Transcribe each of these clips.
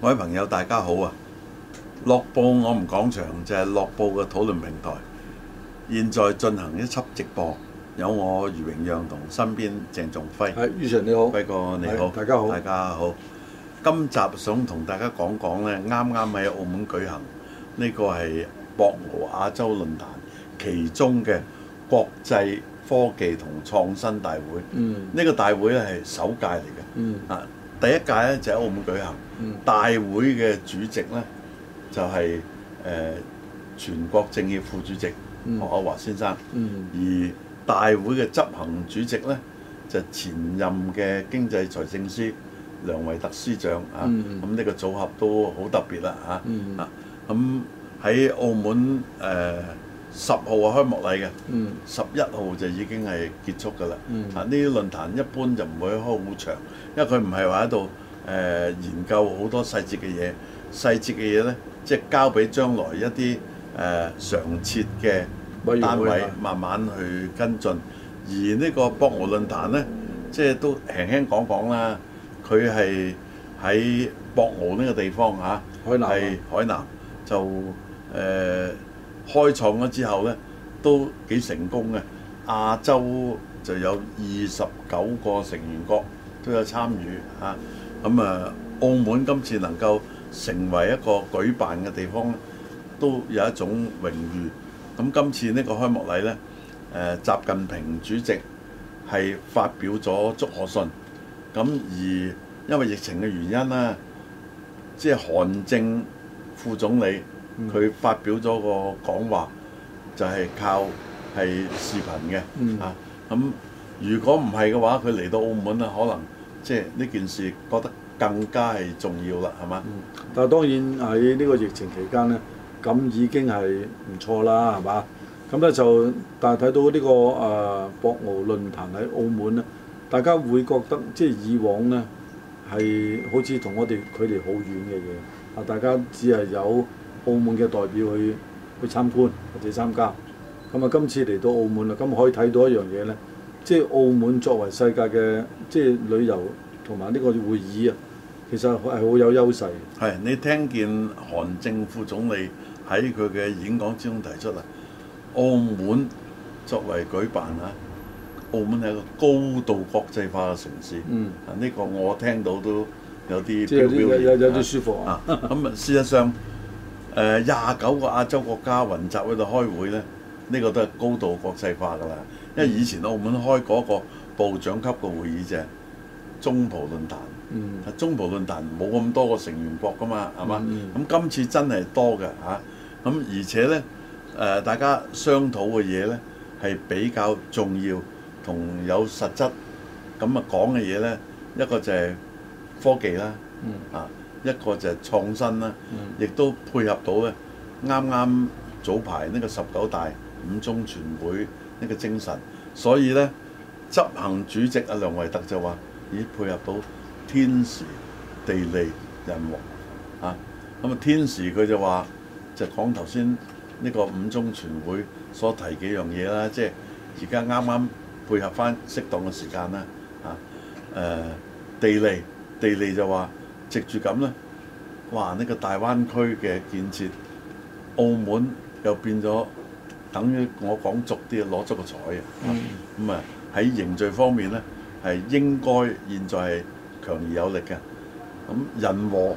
各位朋友，大家好啊！樂報我們講場，就係樂報嘅討論平台。現在進行一輯直播，有我余榮陽同身邊鄭仲輝。係余 Sir，你好，輝哥你好，大家好，大家好。今集想同大家講講呢啱啱喺澳門舉行呢、這個係博鰲亞洲論壇，其中嘅國際科技同創新大會，呢、嗯、個大會咧係首屆嚟嘅，啊、嗯、第一屆咧就喺、是、澳門舉行。嗯、大會嘅主席咧就係、是、誒、呃、全國政協副主席何厚鏵先生，嗯、而大會嘅執行主席咧就是、前任嘅經濟財政司梁維特司長啊，咁呢、嗯嗯、個組合都好特別啦嚇，啊咁喺、啊嗯、澳門誒。呃呃十號啊，開幕禮嘅，十一號就已經係結束㗎啦。啊、嗯，呢啲論壇一般就唔會開好長，因為佢唔係話喺度誒研究好多細節嘅嘢，細節嘅嘢咧，即、就、係、是、交俾將來一啲誒、呃、常設嘅單位慢慢去跟進。嗯嗯、而呢個博鰲論壇咧，嗯、即係都輕輕講講啦，佢係喺博鰲呢個地方吓，係、啊、海南、啊、海南就誒。呃開創咗之後呢，都幾成功嘅。亞洲就有二十九個成員國都有參與啊。咁啊，澳門今次能夠成為一個舉辦嘅地方，都有一種榮譽。咁、啊、今次呢個開幕禮呢，誒、啊，習近平主席係發表咗祝賀信。咁、啊、而因為疫情嘅原因啦、啊，即係韓正副總理。佢發表咗個講話，就係、是、靠係視頻嘅啊。咁、嗯啊、如果唔係嘅話，佢嚟到澳門啊，可能即係呢件事覺得更加係重要啦，係嘛、嗯？吧但係當然喺呢個疫情期間呢，咁已經係唔錯啦，係嘛？咁咧就但係睇到呢、這個誒、呃、博鰲論壇喺澳門咧，大家會覺得即係以往呢，係好似同我哋距離好遠嘅嘢啊，大家只係有。澳門嘅代表去去參觀或者參加，咁啊今次嚟到澳門啦，咁可以睇到一樣嘢咧，即係澳門作為世界嘅即係旅遊同埋呢個會議啊，其實係好有優勢。係你聽見韓正副總理喺佢嘅演講之中提出啦，澳門作為舉辦啊，澳門係一個高度國際化嘅城市。嗯，啊呢個我聽到都有啲有啲舒服啊。咁啊，事實上。 廿九個亞洲國家雲集喺度開會呢，呢、這個都係高度國際化噶啦。因為以前澳門開嗰個部長級個會議就係、嗯，中葡論壇，中葡論壇冇咁多個成員國噶嘛，係嘛？咁今、嗯、次真係多嘅嚇。咁、啊、而且呢，誒、呃、大家商討嘅嘢呢，係比較重要同有實質。咁啊講嘅嘢呢，一個就係科技啦，啊、嗯。一個就係創新啦，亦都配合到咧啱啱早排呢個十九大五中全會呢個精神，所以呢執行主席阿梁維特就話，咦配合到天時地利人和啊！咁啊天時佢就話就講頭先呢個五中全會所提幾樣嘢啦，即係而家啱啱配合翻適當嘅時間啦啊！誒地利地利就話，藉住咁呢，哇！呢、呢個大灣區嘅建設，澳門又變咗等於我講俗啲攞足個彩嘅。咁、嗯、啊喺、嗯、凝聚方面呢，係應該現在係強而有力嘅。咁、嗯、人和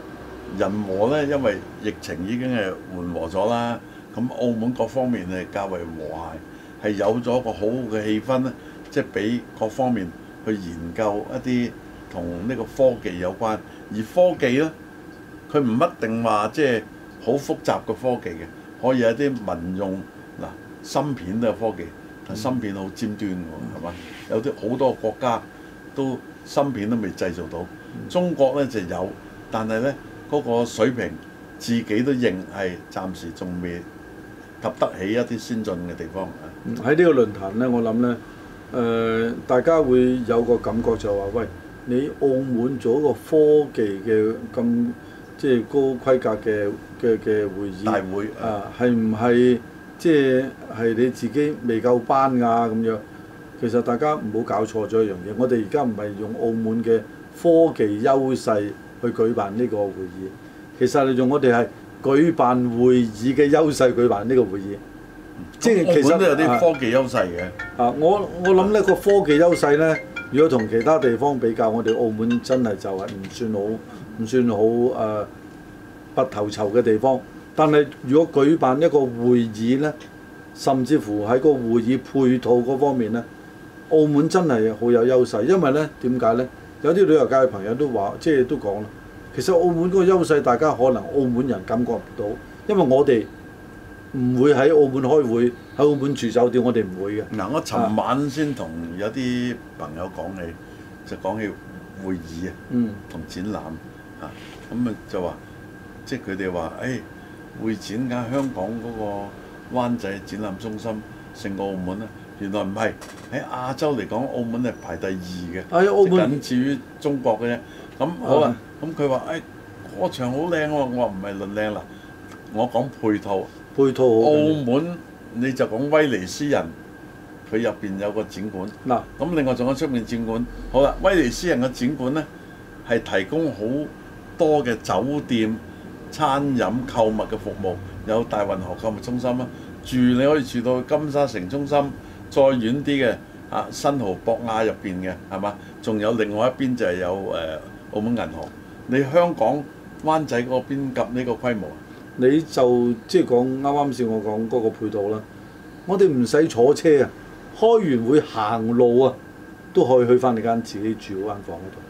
人和呢，因為疫情已經係緩和咗啦。咁、嗯、澳門各方面係較為和諧，係有咗個好好嘅氣氛呢，即係俾各方面去研究一啲同呢個科技有關。而科技呢，佢唔一定話即係好複雜嘅科技嘅，可以有啲民用嗱，芯片都有科技，但係芯片好尖端㗎喎，係嘛？有啲好多國家都芯片都未製造到，中國呢就有，但係呢個水平自己都認係暫時仲未及得起一啲先進嘅地方。喺呢個論壇呢，我諗呢，誒大家會有個感覺就係話，喂。你澳門做一個科技嘅咁即係高規格嘅嘅嘅會議，大會啊，係唔係即係係你自己未夠班啊咁樣？其實大家唔好搞錯咗一樣嘢。嗯、我哋而家唔係用澳門嘅科技優勢去舉辦呢個會議，其實你用我哋係舉辦會議嘅優勢舉辦呢個會議。嗯、即係其實澳門都有啲科技優勢嘅。啊，我我諗呢個科技優勢呢。如果同其他地方比較，我哋澳門真係就係唔算好，唔算好誒拔頭籌嘅地方。但係如果舉辦一個會議呢，甚至乎喺個會議配套嗰方面呢，澳門真係好有優勢。因為呢點解呢？有啲旅遊界嘅朋友都話，即係都講啦。其實澳門嗰個優勢，大家可能澳門人感覺唔到，因為我哋唔會喺澳門開會。喺澳門住酒店，我哋唔會嘅。嗱，我尋晚先同有啲朋友講起，啊、就講起會議、嗯、啊，同、哎、展覽啊，咁啊就話，即係佢哋話，誒會展喺香港嗰個灣仔展覽中心勝過澳門啊？原來唔係喺亞洲嚟講，澳門係排第二嘅，即係、哎、僅至於中國嘅啫。咁好、嗯、啊，咁佢話誒個場好靚、啊，我話唔係論靚啦，我講配套，配套、嗯、澳門。你就講威尼斯人，佢入邊有個展館嗱，咁、啊、另外仲有出面展館。好啦，威尼斯人嘅展館呢，係提供好多嘅酒店、餐飲、購物嘅服務，有大運河購物中心啊，住你可以住到金沙城中心，再遠啲嘅啊新濠博亞入邊嘅係嘛，仲有另外一邊就係有誒、呃、澳門銀行。你香港灣仔嗰邊及呢個規模？你就即係講啱啱先我講嗰個配套啦，我哋唔使坐車啊，開完會行路啊，都可以去翻你間自己住嗰間房嗰度。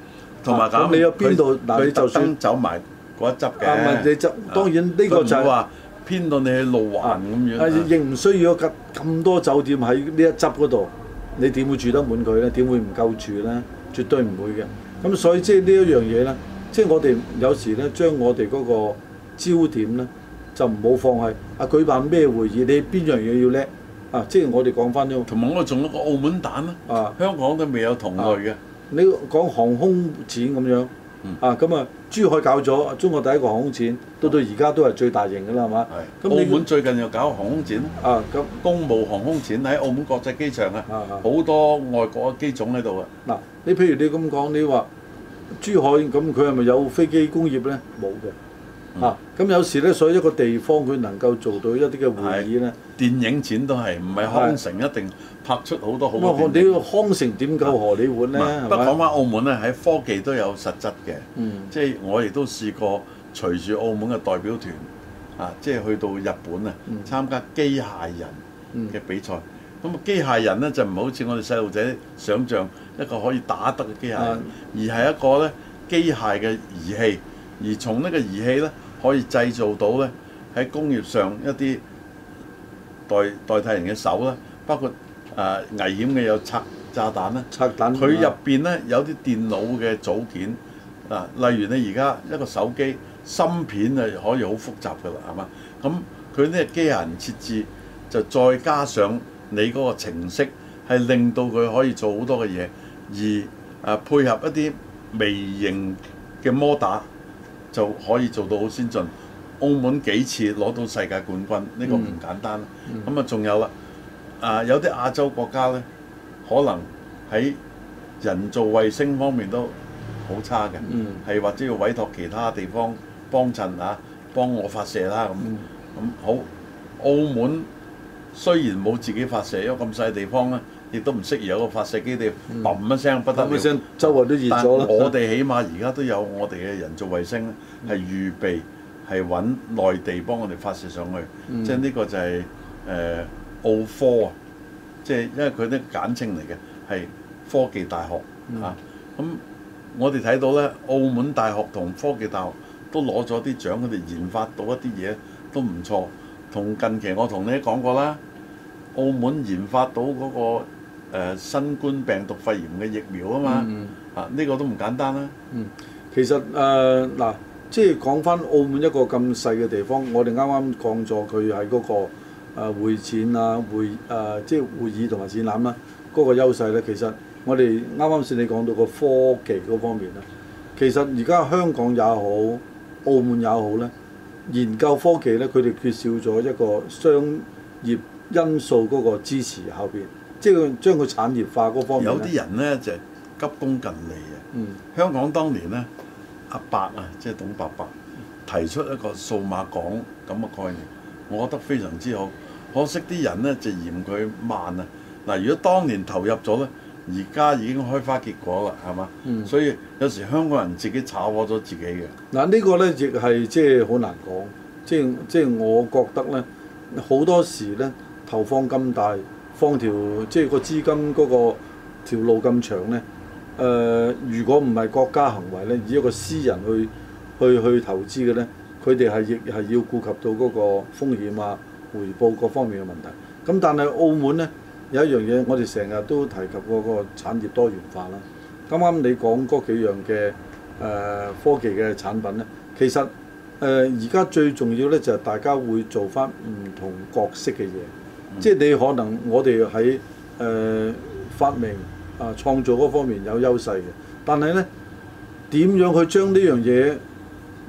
同埋咁，你有邊度？佢佢就算走埋嗰一執嘅。啊，唔係你執、啊，當然呢個就係話編到你喺路環咁樣。啊，亦唔、啊、需要咁多酒店喺呢一執嗰度，你點會住得滿佢咧？點會唔夠住咧？絕對唔會嘅。咁所以即係呢一樣嘢咧，嗯、即係我哋有時咧，將我哋嗰個焦點咧。就唔好放棄啊！舉辦咩會議？你邊樣嘢要叻啊？即係我哋講翻咯。同埋我仲有一個澳門蛋咯。啊，啊香港都未有同類嘅、啊。你講航空展咁樣、嗯、啊？咁啊，珠海搞咗中國第一個航空展，啊、到到而家都係最大型嘅啦，係嘛？咁澳門最近又搞航空展啊？咁、啊嗯、公務航空展喺澳門國際機場啊，好、啊、多外國嘅機種喺度啊。嗱，你譬如你咁講，你話珠海咁佢係咪有飛機工業呢？冇嘅嚇。啊啊啊啊咁有時咧，所以一個地方佢能夠做到一啲嘅會議咧，電影展都係唔係康城一定拍出好多好。唔，你康城點夠荷里活呢？不過講返吧澳門咧，喺科技都有實質嘅。嗯、即係我亦都試過隨住澳門嘅代表團啊，即係去到日本啊，參加機械人嘅比賽。咁啊、嗯，機械人呢，就唔係好似我哋細路仔想象一個可以打得嘅機械人，的而係一個呢機械嘅儀器，而從呢個儀器呢。可以製造到呢喺工業上一啲代代替人嘅手啦，包括誒危險嘅有拆炸彈啦，炸彈佢入邊呢有啲電腦嘅組件啊，例如你而家一個手機芯片係可以好複雜噶啦，係嘛？咁佢呢個機械人設置就再加上你嗰個程式，係令到佢可以做好多嘅嘢，而誒配合一啲微型嘅摩打。就可以做到好先進。澳門幾次攞到世界冠軍，呢、這個唔簡單。咁啊、嗯，仲有啦。啊、呃，有啲亞洲國家呢，可能喺人造衛星方面都好差嘅，係、嗯、或者要委託其他地方幫襯吓，幫我發射啦咁。咁、啊嗯、好，澳門雖然冇自己發射，因為咁細地方呢。亦都唔適宜有個發射基地，嘣、嗯、一聲、不登一聲，周圍都熱咗。我哋起碼而家都有我哋嘅人造衛星咧，係預、嗯、備，係揾內地幫我哋發射上去。嗯、即係呢個就係誒澳科啊，呃、4, 即係因為佢咧簡稱嚟嘅，係科技大學嚇。咁、嗯啊、我哋睇到呢，澳門大學同科技大學都攞咗啲獎，佢哋研發到一啲嘢都唔錯。同近期我同你講過啦，澳門研發到嗰、那個。誒、呃、新冠病毒肺炎嘅疫苗啊嘛，嗯、啊呢、呢個都唔簡單、啊嗯呃、啦。嗯，其實誒嗱，即係講翻澳門一個咁細嘅地方，我哋啱啱講咗佢喺嗰個誒、呃、會展啊會誒、呃、即係會議同埋展覽啦、啊，嗰、嗰個優勢咧，其實我哋啱啱先你講到個科技嗰方面啦。其實而家香港也好，澳門也好咧，研究科技咧，佢哋缺少咗一個商業因素嗰個支持後邊。即係將佢產業化嗰方面，有啲人呢就係急功近利啊！嗯、香港當年呢，阿伯啊，即係董伯伯提出一個數碼港咁嘅概念，我覺得非常之好。可惜啲人呢就嫌佢慢啊！嗱，如果當年投入咗呢，而家已經開花結果啦，係嘛？所以有時香港人自己炒火咗自己嘅嗱，呢個呢亦係即係好難講，即係即係我覺得呢，好多時呢，投放咁大。放條即係、就是、個資金嗰個條路咁長呢。誒、呃，如果唔係國家行為呢，以一個私人去去去投資嘅呢，佢哋係亦係要顧及到嗰個風險啊、回報各方面嘅問題。咁、嗯、但係澳門呢，有一樣嘢，我哋成日都提及過嗰個產業多元化啦。剛啱你講嗰幾樣嘅誒、呃、科技嘅產品呢，其實誒而家最重要呢，就係大家會做翻唔同角色嘅嘢。即係你可能我哋喺誒發明啊、呃、創造嗰方面有優勢嘅，但係呢點樣去將呢樣嘢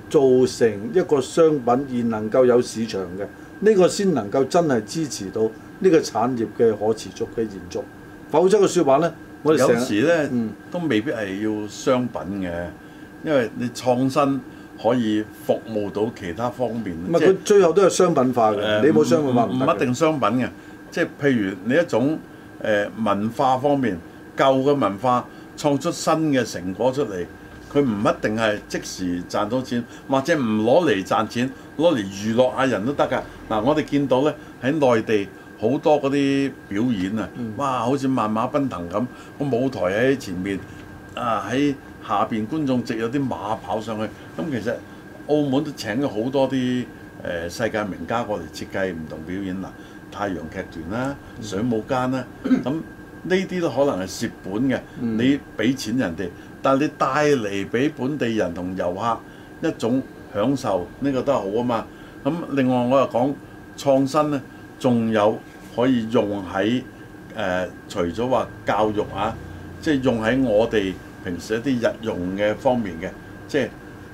做成一個商品而能夠有市場嘅？呢、呢個先能夠真係支持到呢個產業嘅可持續嘅延續。否則嘅說話呢，我哋有時呢、嗯、都未必係要商品嘅，因為你創新。可以服務到其他方面。唔係佢最後都係商品化嘅，呃、你冇商品化唔一定商品嘅。即係譬如你一種誒、呃、文化方面，舊嘅文化創出新嘅成果出嚟，佢唔一定係即時賺到錢，或者唔攞嚟賺錢，攞嚟娛樂下人都得㗎。嗱、呃，我哋見到呢，喺內地好多嗰啲表演啊，哇，好似萬馬奔騰咁，個舞台喺前面啊喺。下邊觀眾席有啲馬跑上去，咁、嗯、其實澳門都請咗好多啲誒、呃、世界名家過嚟設計唔同表演，嗱、呃，太陽劇團啦、水舞間啦，咁呢啲都可能係蝕本嘅，你俾錢人哋，但係你帶嚟俾本地人同遊客一種享受，呢、這個都係好啊嘛。咁、嗯、另外我又講創新呢，仲有可以用喺誒、呃，除咗話教育啊，即係用喺我哋。平時一啲日用嘅方面嘅，即係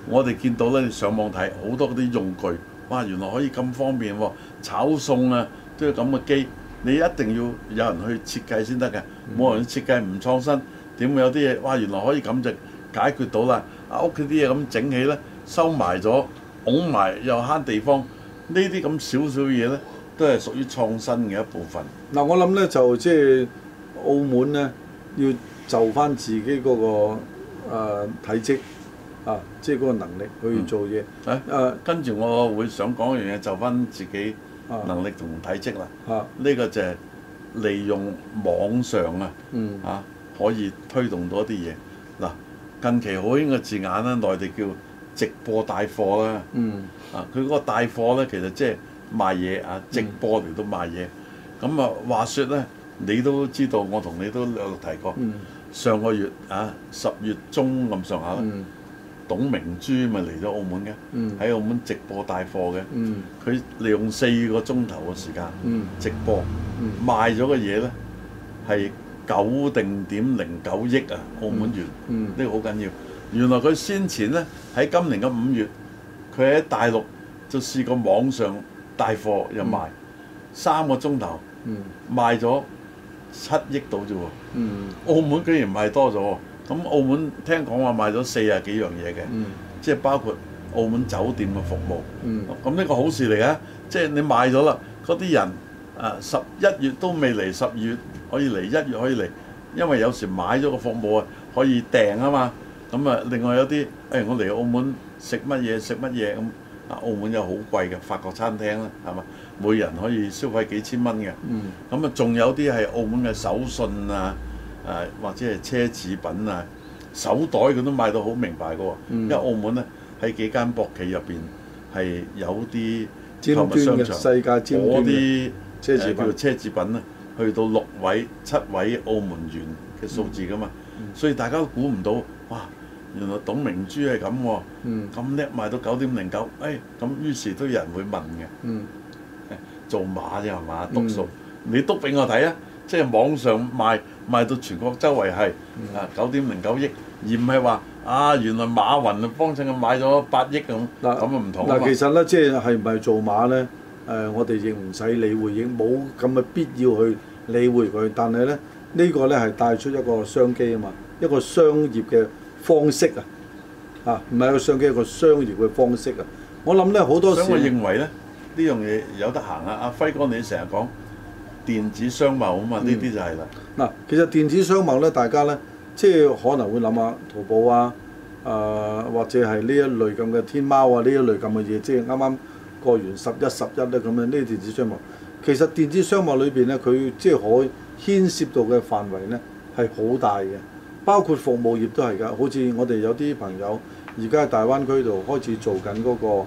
我哋見到咧，你上網睇好多嗰啲用具，哇！原來可以咁方便喎，炒餸啊都要咁嘅機，你一定要有人去設計先得嘅，冇人設計唔創新，點會有啲嘢？哇！原來可以咁就解決到啦，啊屋企啲嘢咁整起咧，收埋咗，拱埋又慳地方，呢啲咁少少嘢咧，都係屬於創新嘅一部分。嗱，我諗咧就即係澳門咧要。就翻自己嗰、那個誒、呃、體積啊，即係嗰個能力去做嘢。誒誒、嗯，啊、跟住我會想講一樣嘢，就翻自己能力同體積啦。啊，呢個就係利用網上、嗯、啊，嚇可以推動到一啲嘢。嗱、啊，近期好興嘅字眼啦，內地叫直播帶貨啦。嗯。啊，佢嗰個帶貨咧，其實即係賣嘢啊，直播嚟到賣嘢。咁、嗯、啊，話說咧，你都知道，我同你都有提過。嗯。上個月啊，十月中咁上下，嗯、董明珠咪嚟咗澳門嘅，喺、嗯、澳門直播帶貨嘅，佢、嗯、利用四個鐘頭嘅時間、嗯、直播、嗯、賣咗嘅嘢呢，係九定點零九億啊澳門元，呢、嗯嗯、個好緊要。原來佢先前呢，喺今年嘅五月，佢喺大陸就試過網上帶貨又賣、嗯、三個鐘頭、嗯、賣咗。七億度啫喎，澳門居然買多咗，咁澳門聽講話買咗四十幾樣嘢嘅，即係包括澳門酒店嘅服務，咁呢、嗯、個好事嚟嘅，即係你買咗啦，嗰啲人啊十一月都未嚟，十二月可以嚟，一月可以嚟，因為有時買咗個服務啊，可以訂啊嘛，咁啊另外有啲誒、哎、我嚟澳門食乜嘢食乜嘢咁。澳門有好貴嘅法國餐廳啦，係嘛？每人可以消費幾千蚊嘅。咁啊、嗯，仲有啲係澳門嘅手信啊，啊或者係奢侈品啊，手袋佢都賣到好明白嘅喎。嗯、因為澳門咧喺幾間博企入邊係有啲購物商場、尖端嘅世界尖端嘅奢侈品、啊，叫做奢侈品啦。去到六位、七位澳門元嘅數字嘅嘛，嗯、所以大家都估唔到哇！原來董明珠係咁喎，咁叻、嗯、賣到九點零九，誒咁，於是都有人會問嘅。嗯，做馬啫係嘛，篤數，嗯、你篤俾我睇啊！即係網上賣賣到全國周圍係啊九點零九億，而唔係話啊原來馬雲幫襯佢買咗八億咁。嗱咁啊唔同嗱，但但其實咧即係係咪做馬咧？誒、呃，我哋亦唔使理回應，冇咁嘅必要去理會佢。但係咧呢、呢個咧係帶出一個商機啊嘛，一個商業嘅。方式啊，啊唔係個相機，係個商業嘅方式啊！我諗呢好多時，我認為咧呢樣嘢有得行啊！阿輝哥，你成日講電子商貿啊嘛，呢啲、嗯、就係啦。嗱、嗯，其實電子商貿呢，大家呢，即係可能會諗下淘寶啊，啊、呃、或者係呢一類咁嘅天貓啊，呢一類咁嘅嘢，即係啱啱過完十一十一咧，咁樣呢啲電子商貿。其實電子商貿裏邊呢，佢即係可以牽涉到嘅範圍呢，係好大嘅。包括服務業都係㗎，好似我哋有啲朋友而家喺大灣區度開始做緊、嗰、嗰、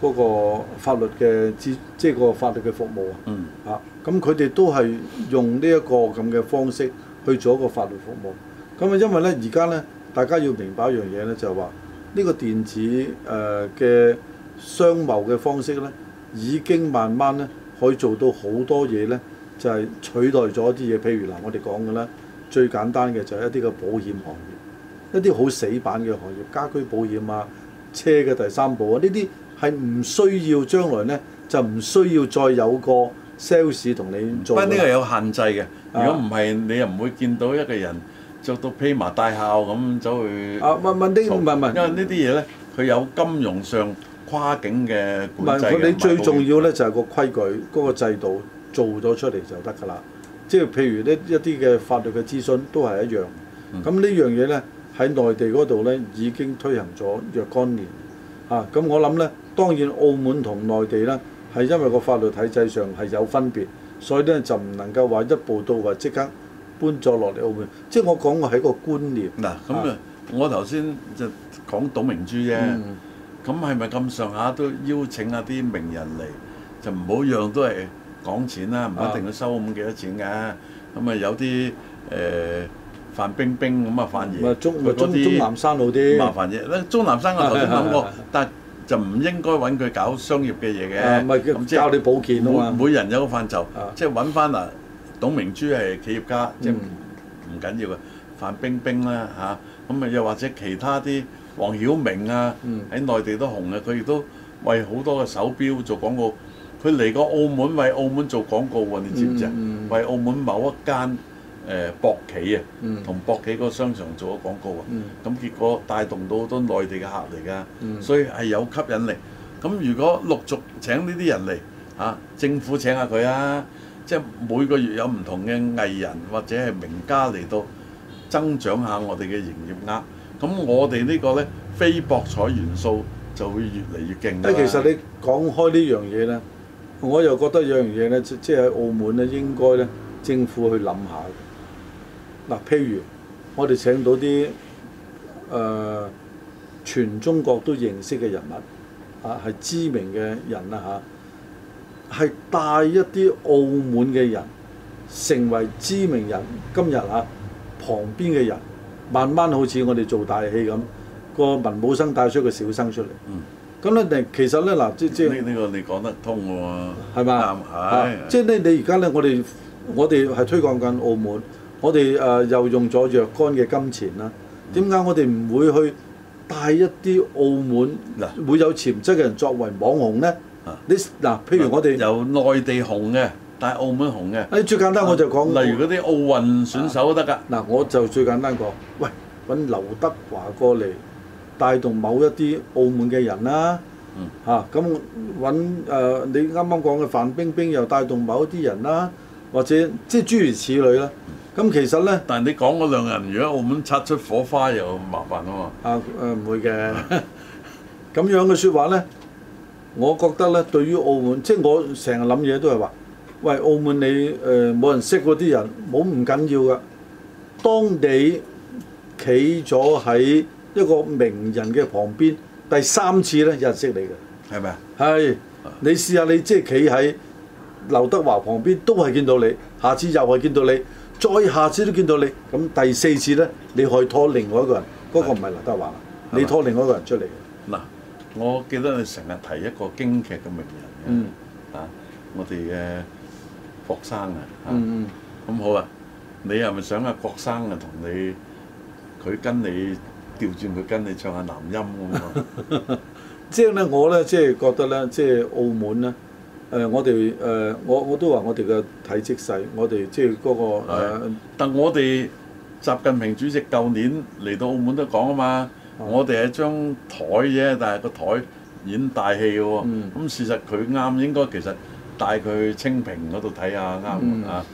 個嗰個法律嘅之即係個法律嘅服務、嗯、啊。嗯。嚇，咁佢哋都係用呢一個咁嘅方式去做一個法律服務。咁啊，因為呢，而家呢，大家要明白一樣嘢呢，就係話呢個電子誒嘅、呃、商貿嘅方式呢，已經慢慢呢可以做到好多嘢呢，就係、係、取代咗啲嘢，譬如嗱，我哋講㗎啦。最簡單嘅就係一啲個保險行業，一啲好死板嘅行業，家居保險啊、車嘅第三者啊，呢啲係唔需要將來呢，就唔需要再有個 sales 同你做。不過呢個有限制嘅，如果唔係你又唔會見到一個人著到披麻戴孝咁走去，啊問問呢唔問問，因為呢啲嘢呢，佢有金融上跨境嘅管制。你最重要呢就係個規矩嗰、嗯、個制度做咗出嚟就得㗎啦。即係譬如呢一啲嘅法律嘅諮詢都係一樣，咁呢、嗯、樣嘢呢，喺內地嗰度呢已經推行咗若干年，啊，咁我諗呢，當然澳門同內地呢係因為個法律體制上係有分別，所以呢就唔能夠話一步到位即刻搬咗落嚟澳門。即、就、係、是、我講我係個觀念嗱，咁啊，我頭先就講董明珠啫，咁係咪咁上下都邀請下啲名人嚟就唔好樣都係？講錢啦，唔一定要收咁幾多錢㗎。咁啊有啲誒，范冰冰咁啊反而，嗰啲鍾南山老啲麻煩嘢。咧鍾南山我頭先諗過，但就唔應該揾佢搞商業嘅嘢嘅。唔係佢教你保健啊嘛。每人有個範疇，即係揾翻嗱，董明珠係企業家，即係唔緊要嘅。范冰冰啦吓，咁啊又或者其他啲黃曉明啊，喺內地都紅嘅，佢亦都為好多嘅手錶做廣告。佢嚟過澳門為澳門做廣告喎，你知唔知啊？為、嗯嗯、澳門某一間誒博企啊，同、嗯、博企嗰個商場做咗廣告啊，咁、嗯、結果帶動到好多內地嘅客嚟㗎，嗯、所以係有吸引力。咁如果陸續請呢啲人嚟嚇、啊，政府請下佢啊，即係每個月有唔同嘅藝人或者係名家嚟到增長下我哋嘅營業額，咁我哋呢個呢，非博彩元素就會越嚟越勁㗎。其實你講開呢樣嘢呢。我又覺得有樣嘢呢，即係喺澳門咧，應該咧政府去諗下。嗱，譬如我哋請到啲誒、呃、全中國都認識嘅人物，啊，係知名嘅人啦嚇，係、啊、帶一啲澳門嘅人成為知名人。今日嚇、啊，旁邊嘅人慢慢好似我哋做大戲咁，個文武生帶出一個小生出嚟，嗯。咁咧，其實咧，嗱，即即呢呢個你講得通喎，係嘛，即咧你而家咧，我哋我哋係推廣緊澳門，嗯、我哋誒又用咗若干嘅金錢啦。點解、嗯、我哋唔會去帶一啲澳門會有潛質嘅人作為網紅呢？嗱、啊，譬如我哋、啊、由內地紅嘅但係澳門紅嘅，誒最簡單我就講，啊、我例如嗰啲奧運選手都得㗎。嗱、啊，我就最簡單講，喂，揾劉德華過嚟。帶動某一啲澳門嘅人啦，嚇，咁搵誒你啱啱講嘅范冰冰又帶動某一啲人啦，或者即係諸如此類咧。咁其實咧，但係你講嗰兩個人如果澳門擦出火花又麻煩啊嘛？啊，誒唔會嘅。咁樣嘅説話咧，我覺得咧對於澳門即係我成日諗嘢都係話，喂，澳門你誒冇人識嗰啲人冇唔緊要噶，當你企咗喺一個名人嘅旁邊，第三次呢，有人識你嘅，係咪啊？係，你試下你即係企喺劉德華旁邊都係見到你，下次又係見到你，再下次都見到你，咁第四次呢，你可以拖另外一個人，嗰是個唔係劉德華啦，吧你拖另外一個人出嚟。嗱，我記得你成日提一個京劇嘅名人嘅、嗯啊，啊，我哋嘅郭生啊，咁好啦，你係咪想阿郭生啊同你，佢跟你？調轉佢跟你唱下男音咁啊！即係咧，我咧即係覺得咧，即係澳門咧，誒，我哋誒，我都我都話我哋嘅體積細，我哋即係嗰個的、呃、但我哋習近平主席舊年嚟到澳門都講啊嘛，嗯、我哋係張台啫，但係個台演大戲嘅喎。咁、嗯、事實佢啱，應該其實帶佢去清平嗰度睇下啱唔啱啊！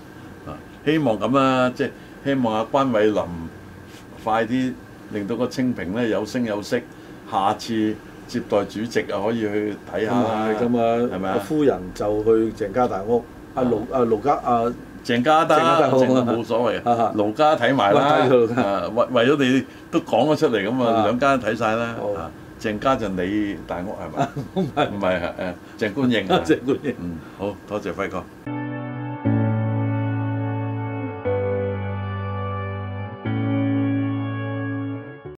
希望咁啊，即、就、係、是、希望阿關偉林快啲。令到個清平咧有聲有色，下次接待主席啊可以去睇下。咁啊，係咪啊？夫人就去鄭家大屋，阿盧阿盧家啊，鄭家得冇所謂嘅。盧家睇埋啦，為為咗你都講咗出嚟咁啊，兩間睇晒啦。的啊，鄭家就你大屋係咪？唔係唔係誒，鄭觀應。鄭觀應。嗯，好多謝輝哥。